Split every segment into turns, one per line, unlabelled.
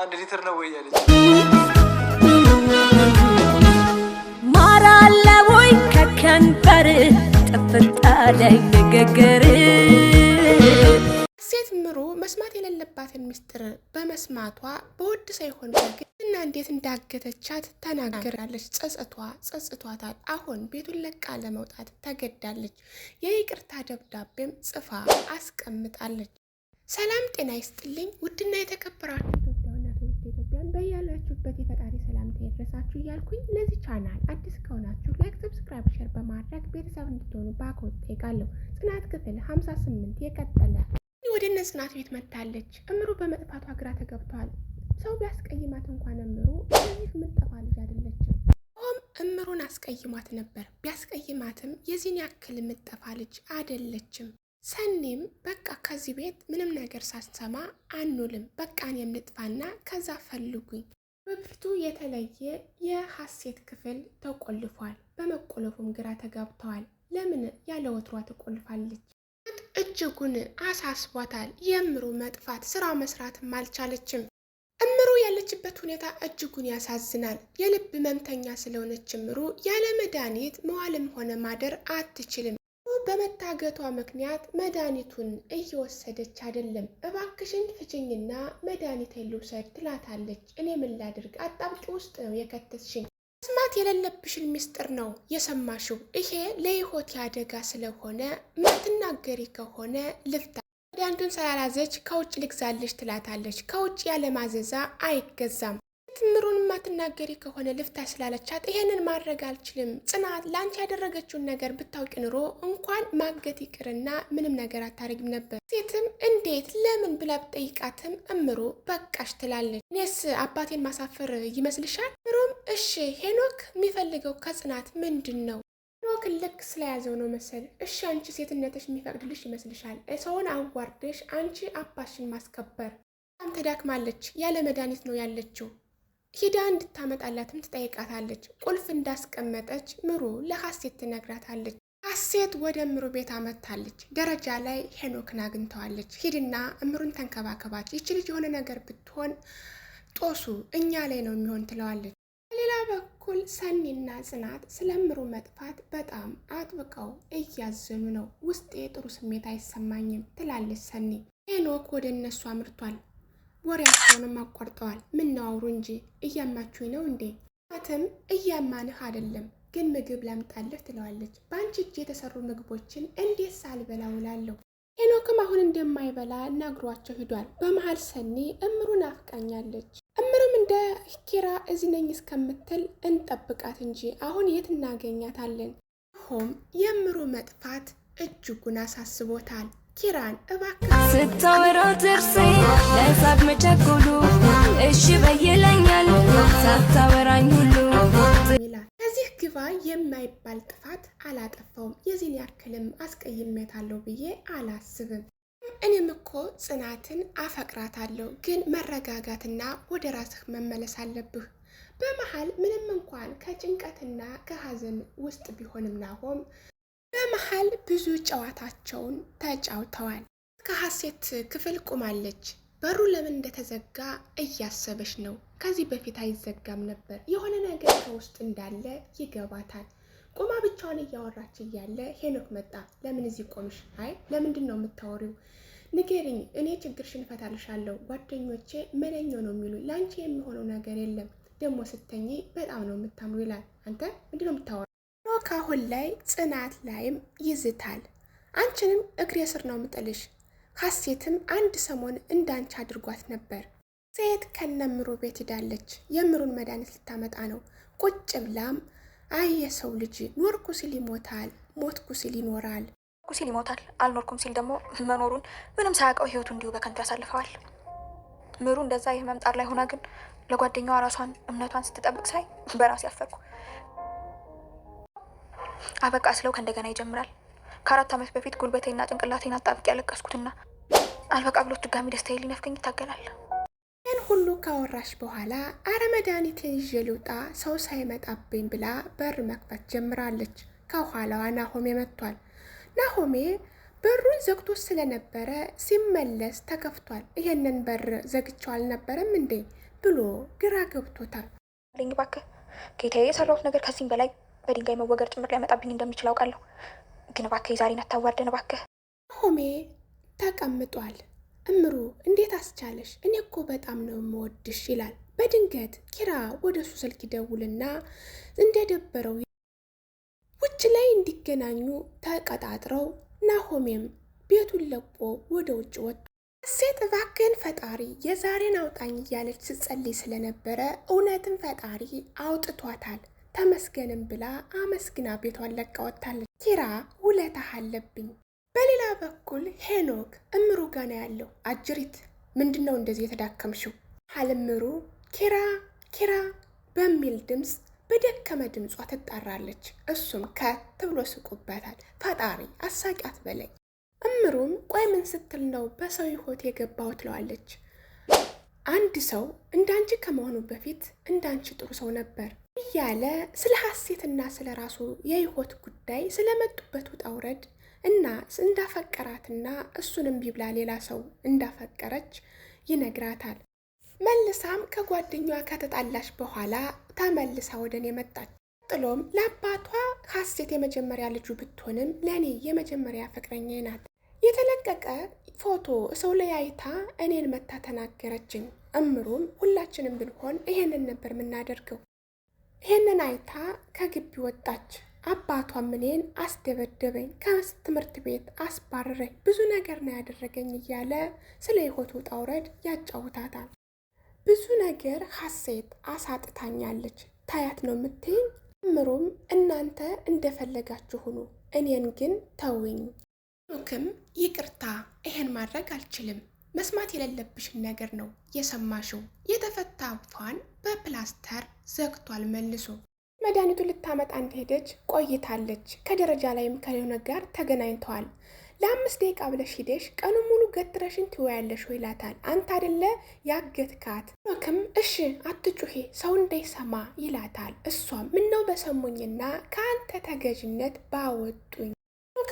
አንድ ሊትር ነው ወይ ያለች ማራለ ወይ ከከንፈር ጥፍጣ ላይ ንግግር ሴት ምሩ መስማት የሌለባትን ሚስጥር በመስማቷ በውድ ሳይሆን እና እንዴት እንዳገተቻት ተናገራለች። ጸጽቷ ጸጽቷታል። አሁን ቤቱን ለቃ ለመውጣት ተገዳለች። የይቅርታ ደብዳቤም ጽፋ አስቀምጣለች። ሰላም ጤና ይስጥልኝ ውድና የተከበራችሁ ባላችሁበት የፈጣሪ ሰላምታ ይድረሳችሁ እያልኩኝ ለዚህ ቻናል አዲስ ከሆናችሁ ላይክ፣ ሰብስክራይብ፣ ሸር በማድረግ ቤተሰብ እንድትሆኑ በአክብሮት እጠይቃለሁ። ጽናት ክፍል 58 የቀጠለ። ወደ እነ ጽናት ቤት መጥታለች። እምሩ በመጥፋቷ ግራ ተገብቷል። ሰው ቢያስቀይማት እንኳን እምሩ እዚህ ምጠፋ ልጅ አይደለችም። ኦም እምሩን አስቀይሟት ነበር። ቢያስቀይማትም የዚህን ያክል ምጠፋ ልጅ አይደለችም። ሰኔም በቃ ከዚህ ቤት ምንም ነገር ሳትሰማ አንውልም፣ በቃን የምንጥፋና ከዛ ፈልጉኝ በፊቱ የተለየ የሐሴት ክፍል ተቆልፏል። በመቆለፉም ግራ ተጋብተዋል። ለምን ያለ ወትሯ ተቆልፋለች? እጅጉን አሳስቧታል። የእምሩ መጥፋት ስራ መስራትም አልቻለችም። እምሩ ያለችበት ሁኔታ እጅጉን ያሳዝናል። የልብ ህመምተኛ ስለሆነች እምሩ ያለ መድኃኒት መዋልም ሆነ ማደር አትችልም። በመታገቷ ምክንያት መድኃኒቱን እየወሰደች አይደለም። እባክሽን ፍችኝና መድኃኒት ልውሰድ ትላታለች። እኔ ምን ላድርግ? አጣብቂ ውስጥ ነው የከተትሽኝ። መስማት የሌለብሽን ምስጢር ነው የሰማሽው። ይሄ ለይሆት አደጋ ስለሆነ ምትናገሪ ከሆነ ልፍታ መድኃኒቱን ስላላዘች ከውጭ ልግዛለች ትላታለች። ከውጭ ያለማዘዛ አይገዛም። እውነት ምሩን የማትናገሪ ከሆነ ልፍታ ስላለቻት ይሄንን ማድረግ አልችልም፣ ጽናት ለአንቺ ያደረገችውን ነገር ብታውቂ ኑሮ እንኳን ማገት ይቅርና ምንም ነገር አታደርግም ነበር። ሴትም እንዴት ለምን ብላ ብጠይቃትም እምሩ በቃሽ ትላለች። እኔስ አባቴን ማሳፈር ይመስልሻል? ምሩም እሺ ሄኖክ የሚፈልገው ከጽናት ምንድን ነው? ልክ ስለያዘው ነው መሰል። እሺ አንቺ ሴትነትሽ የሚፈቅድልሽ ይመስልሻል? ሰውን አዋርደሽ አንቺ አባሽን ማስከበር በጣም ተዳክማለች። ያለ መድኃኒት ነው ያለችው። ሂዳ እንድታመጣላትም ትጠይቃታለች። ቁልፍ እንዳስቀመጠች ምሩ ለሀሴት ትነግራታለች። ሀሴት ወደ እምሩ ቤት አመጥታለች። ደረጃ ላይ ሄኖክን አግኝተዋለች። ሂድና እምሩን ተንከባከባች፣ ይች ልጅ የሆነ ነገር ብትሆን ጦሱ እኛ ላይ ነው የሚሆን ትለዋለች። በሌላ በኩል ሰኒና ጽናት ስለ እምሩ መጥፋት በጣም አጥብቀው እያዘኑ ነው። ውስጤ ጥሩ ስሜት አይሰማኝም ትላለች ሰኒ። ሄኖክ ወደ እነሱ አምርቷል። ወሬያቸውንም አቋርጠዋል። ምነው አውሩ እንጂ እያማችሁኝ ነው እንዴ? ትም እያማንህ አይደለም ግን ምግብ ላምጣልህ ትለዋለች። በአንቺ እጅ የተሰሩ ምግቦችን እንዴት ሳልበላ ውላለሁ? ሄኖክም አሁን እንደማይበላ ነግሯቸው ሂዷል። በመሀል ሰኒ እምሩን አፍቃኛለች። እምሩም እንደ ኪራ እዚህ ነኝ እስከምትል እንጠብቃት እንጂ አሁን የት እናገኛታለን? ሆም የእምሩ መጥፋት እጅጉን አሳስቦታል። ኪራን እባክህ ስታወራ ጥርሴ ለሳቅ መቸኮሉ እሺ በይለኛል ሳታወራኝ ሁሉ ከዚህ ግባ የማይባል ጥፋት አላጠፋውም። የዚህን ያክልም አስቀይሜታለሁ ብዬ አላስብም። እኔም እኮ ጽናትን አፈቅራታለሁ፣ ግን መረጋጋትና ወደ ራስህ መመለስ አለብህ። በመሀል ምንም እንኳን ከጭንቀትና ከሀዘን ውስጥ ቢሆንም ናሆም ያህል ብዙ ጨዋታቸውን ተጫውተዋል። ከሐሴት ክፍል ቁማለች። በሩ ለምን እንደተዘጋ እያሰበች ነው። ከዚህ በፊት አይዘጋም ነበር። የሆነ ነገር ከውስጥ እንዳለ ይገባታል። ቁማ ብቻዋን እያወራች እያለ ሄኖክ መጣ። ለምን እዚህ ቆምሽ? አይ ለምንድን ነው የምታወሪው? ንገሪኝ፣ እኔ ችግርሽን እፈታልሻለሁ። ጓደኞቼ መለኛው ነው የሚሉ ለአንቺ የሚሆነው ነገር የለም። ደግሞ ስተኝ በጣም ነው የምታምሩ ይላል። አንተ ምንድን ነው አሁን ላይ ጽናት ላይም ይዝታል። አንቺንም እግሬ ስር ነው ምጥልሽ። ሀሴትም አንድ ሰሞን እንዳንቺ አድርጓት ነበር። ሴት ከነምሩ ቤት ሂዳለች። የምሩን መድኃኒት ልታመጣ ነው። ቁጭ ብላም አይ የሰው ልጅ ኖርኩ ሲል ይሞታል፣ ሞትኩ ሲል ይኖራል።
ኖርኩ ሲል ይሞታል፣ አልኖርኩም ሲል ደግሞ መኖሩን ምንም ሳያውቀው ህይወቱ እንዲሁ በከንቱ ያሳልፈዋል። ምሩ እንደዛ የህመም ጣር ላይ ሆና ግን ለጓደኛዋ ራሷን እምነቷን ስትጠብቅ ሳይ በራሴ ያፈርኩ። አበቃ ስለው ከእንደገና ይጀምራል። ከአራት ዓመት በፊት ጉልበቴና ጭንቅላቴን አጣብቅ ያለቀስኩትና አልበቃ ብሎት ድጋሚ ደስታዬ ሊነፍገኝ ይታገላል።
ይህን ሁሉ ካወራሽ በኋላ አረ መድኃኒቴን ይዤ ልውጣ ሰው ሳይመጣብኝ ብላ በር መክፈት ጀምራለች። ከኋላዋ ናሆሜ መጥቷል። ናሆሜ በሩን ዘግቶ ስለነበረ ሲመለስ ተከፍቷል። ይሄንን በር ዘግቼው አልነበረም እንዴ ብሎ ግራ ገብቶታል።
ልኝ እባክህ ጌታዬ የሰራሁት ነገር ከዚህም በላይ በድንጋይ መወገር ጭምር ሊያመጣብኝ እንደሚችል አውቃለሁ። ግን እባክህ የዛሬን አታዋርደን እባክህ።
ሆሜ ተቀምጧል። እምሩ እንዴት አስቻለሽ? እኔ እኮ በጣም ነው የምወድሽ ይላል። በድንገት ኪራ ወደ እሱ ስልክ ይደውልና እንደደበረው ውጭ ላይ እንዲገናኙ ተቀጣጥረው ናሆሜም ቤቱን ለቆ ወደ ውጭ ወጥ ሴት እባክህን ፈጣሪ የዛሬን አውጣኝ እያለች ስትጸልይ ስለነበረ እውነትም ፈጣሪ አውጥቷታል። ተመስገንም ብላ አመስግና ቤቷን ለቃ ወጥታለች። ኪራ ውለታህ አለብኝ። በሌላ በኩል ሄኖክ እምሩ ጋና ያለው አጅሪት ምንድን ነው እንደዚህ የተዳከምሽው? አልምሩ ኪራ ኪራ በሚል ድምፅ በደከመ ድምጿ ትጣራለች። እሱም ከት ብሎ ስቁበታል። ፈጣሪ አሳቂ አትበለኝ። እምሩም ቆይ ምን ስትል ነው በሰው ይሆት የገባው ትለዋለች። አንድ ሰው እንዳንቺ ከመሆኑ በፊት እንዳንቺ ጥሩ ሰው ነበር እያለ ስለ ሀሴትና ስለ ራሱ የህይወት ጉዳይ ስለመጡበት ውጣ ውረድ እና እንዳፈቀራትና እሱንም ቢብላ ሌላ ሰው እንዳፈቀረች ይነግራታል። መልሳም ከጓደኛዋ ከተጣላች በኋላ ተመልሳ ወደ እኔ መጣች። ጥሎም ለአባቷ ሀሴት የመጀመሪያ ልጁ ብትሆንም ለእኔ የመጀመሪያ ፍቅረኛ ናት። የተለቀቀ ፎቶ ሰው ላይ አይታ እኔን መታ ተናገረችኝ። እምሩም ሁላችንም ብንሆን ይሄንን ነበር የምናደርገው ይህንን አይታ ከግቢ ወጣች። አባቷ ምኔን አስደበደበኝ፣ ከትምህርት ቤት አስባረረኝ፣ ብዙ ነገር ነው ያደረገኝ እያለ ስለ ሕይወቱ ውጣ ውረድ ያጫውታታል። ብዙ ነገር ሀሴት አሳጥታኛለች፣ ታያት ነው የምትይኝ? ምሩም እናንተ እንደፈለጋችሁ ሁኑ፣ እኔን ግን ተውኝ። ኑክም ይቅርታ፣ ይሄን ማድረግ አልችልም መስማት የሌለብሽን ነገር ነው የሰማሽው። የተፈታ አፏን በፕላስተር ዘግቷል መልሶ። መድኃኒቱ ልታመጣ እንደሄደች ቆይታለች። ከደረጃ ላይም ከሆነ ጋር ተገናኝተዋል። ለአምስት ደቂቃ ብለሽ ሂደሽ ቀኑ ሙሉ ገትረሽን ትወያለሽ ይላታል። አንተ አደለ ያገትካት? ክም እሺ አትጩሄ ሰው እንዳይሰማ ይላታል። እሷም ምነው በሰሙኝና ከአንተ ተገዥነት ባወጡኝ።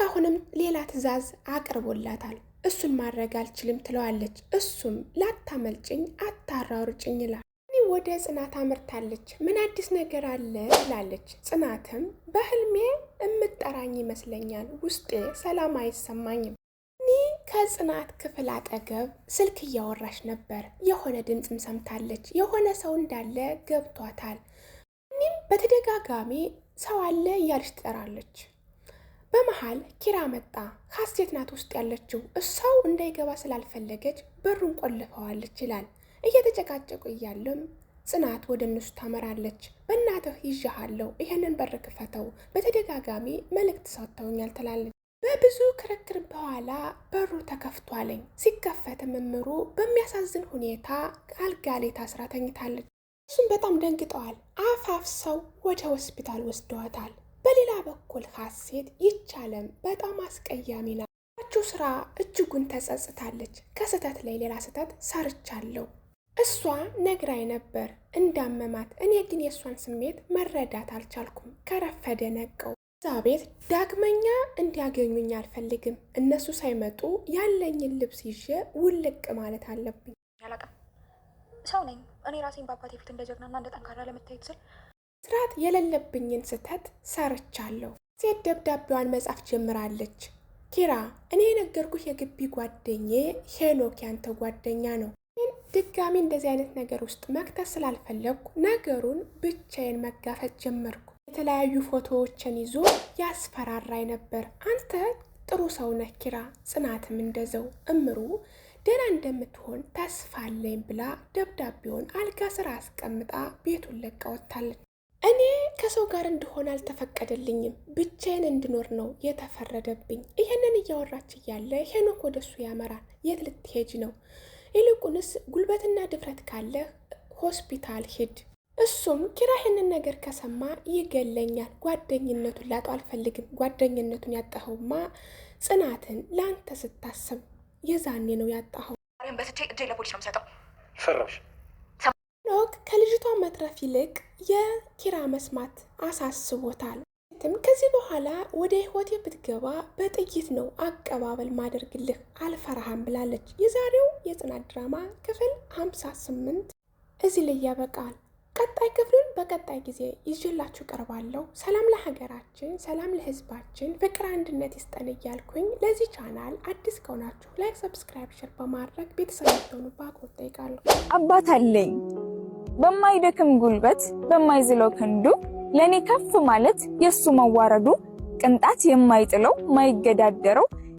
አሁንም ሌላ ትዕዛዝ አቅርቦላታል። እሱን ማድረግ አልችልም ትለዋለች። እሱም ላታመልጭኝ አታራርጭኝ ይላል። እኔ ወደ ጽናት አምርታለች። ምን አዲስ ነገር አለ ትላለች። ጽናትም በህልሜ እምጠራኝ ይመስለኛል፣ ውስጤ ሰላም አይሰማኝም። እኔ ከጽናት ክፍል አጠገብ ስልክ እያወራች ነበር። የሆነ ድምፅም ሰምታለች። የሆነ ሰው እንዳለ ገብቷታል። እኔም በተደጋጋሚ ሰው አለ እያለች ትጠራለች። በመሃል ኪራ መጣ። ሀሴት ናት ውስጥ ያለችው። እሷው እንዳይገባ ስላልፈለገች በሩን ቆልፈዋለች ይላል። እየተጨቃጨቁ እያለም ጽናት ወደ እነሱ ታመራለች። በእናትህ ይዣሃለሁ፣ ይህንን በር ክፈተው፣ በተደጋጋሚ መልእክት ሰጥተውኛል ትላለች። በብዙ ክርክር በኋላ በሩ ተከፍቷለኝ። ሲከፈት መምሩ በሚያሳዝን ሁኔታ አልጋ ላይ ታስራ ተኝታለች። እሱም በጣም ደንግጠዋል። አፋፍ ሰው ወደ ሆስፒታል ወስደዋታል። በሌላ በኩል ሀሴት ይቻለም በጣም አስቀያሚ ናት። ስራ እጅጉን ተጸጽታለች። ከስህተት ላይ ሌላ ስህተት ሰርቻለሁ። እሷ ነግራይ ነበር እንዳመማት። እኔ ግን የእሷን ስሜት መረዳት አልቻልኩም። ከረፈደ ነቀው እዛ ቤት ዳግመኛ እንዲያገኙኝ አልፈልግም። እነሱ ሳይመጡ ያለኝን ልብስ ይዤ ውልቅ ማለት አለብኝ።
ሰው ነኝ እኔ ራሴን በአባቴ ፊት እንደ ጀግናና እንደ ጠንካራ ለመታየት ስል
ስርዓት የሌለብኝን ስህተት ሰርቻለሁ ሴት ደብዳቤዋን መጻፍ ጀምራለች። ኪራ እኔ የነገርኩህ የግቢ ጓደኜ ሄኖክ ያንተ ጓደኛ ነው። ግን ድጋሚ እንደዚህ አይነት ነገር ውስጥ መክተት ስላልፈለግኩ ነገሩን ብቻዬን መጋፈጥ ጀመርኩ። የተለያዩ ፎቶዎችን ይዞ ያስፈራራኝ ነበር። አንተ ጥሩ ሰው ነህ ኪራ፣ ጽናትም እንደዘው እምሩ ደህና እንደምትሆን ተስፋ አለኝ ብላ ደብዳቤውን አልጋ ስራ አስቀምጣ ቤቱን ለቃ ወጥታለች። እኔ ከሰው ጋር እንደሆነ አልተፈቀደልኝም፣ ብቻዬን እንድኖር ነው የተፈረደብኝ። ይህንን እያወራች እያለ ሄኖክ ወደ እሱ ያመራል። የት ልትሄጅ ነው? ይልቁንስ ጉልበትና ድፍረት ካለህ ሆስፒታል ሂድ። እሱም ኪራ ይህንን ነገር ከሰማ ይገለኛል፣ ጓደኝነቱን ላጣው አልፈልግም። ጓደኝነቱን ያጣኸውማ ጽናትን ለአንተ ስታሰብ የዛኔ ነው ያጣኸው። በትቼ እጄ ለፖሊስ ነው የምሰጠው። መትረፍ ይልቅ የኪራ መስማት አሳስቦታል። ከዚህ በኋላ ወደ ህይወቴ ብትገባ በጥይት ነው አቀባበል ማደርግልህ አልፈራሃም ብላለች። የዛሬው የጽናት ድራማ ክፍል 58 እዚህ ላይ ያበቃል። ቀጣይ ክፍሉን በቀጣይ ጊዜ ይዤላችሁ ቀርባለሁ። ሰላም ለሀገራችን፣ ሰላም ለህዝባችን፣ ፍቅር አንድነት ይስጠን እያልኩኝ ለዚህ ቻናል አዲስ ከሆናችሁ ላይክ፣ ሰብስክራይብ፣ ሸር በማድረግ ቤተሰብ ትሆኑ በአክብሮት እጠይቃለሁ። አባት አለኝ በማይደክም ጉልበት በማይዝለው ክንዱ ለእኔ ከፍ ማለት የእሱ መዋረዱ ቅንጣት የማይጥለው ማይገዳደረው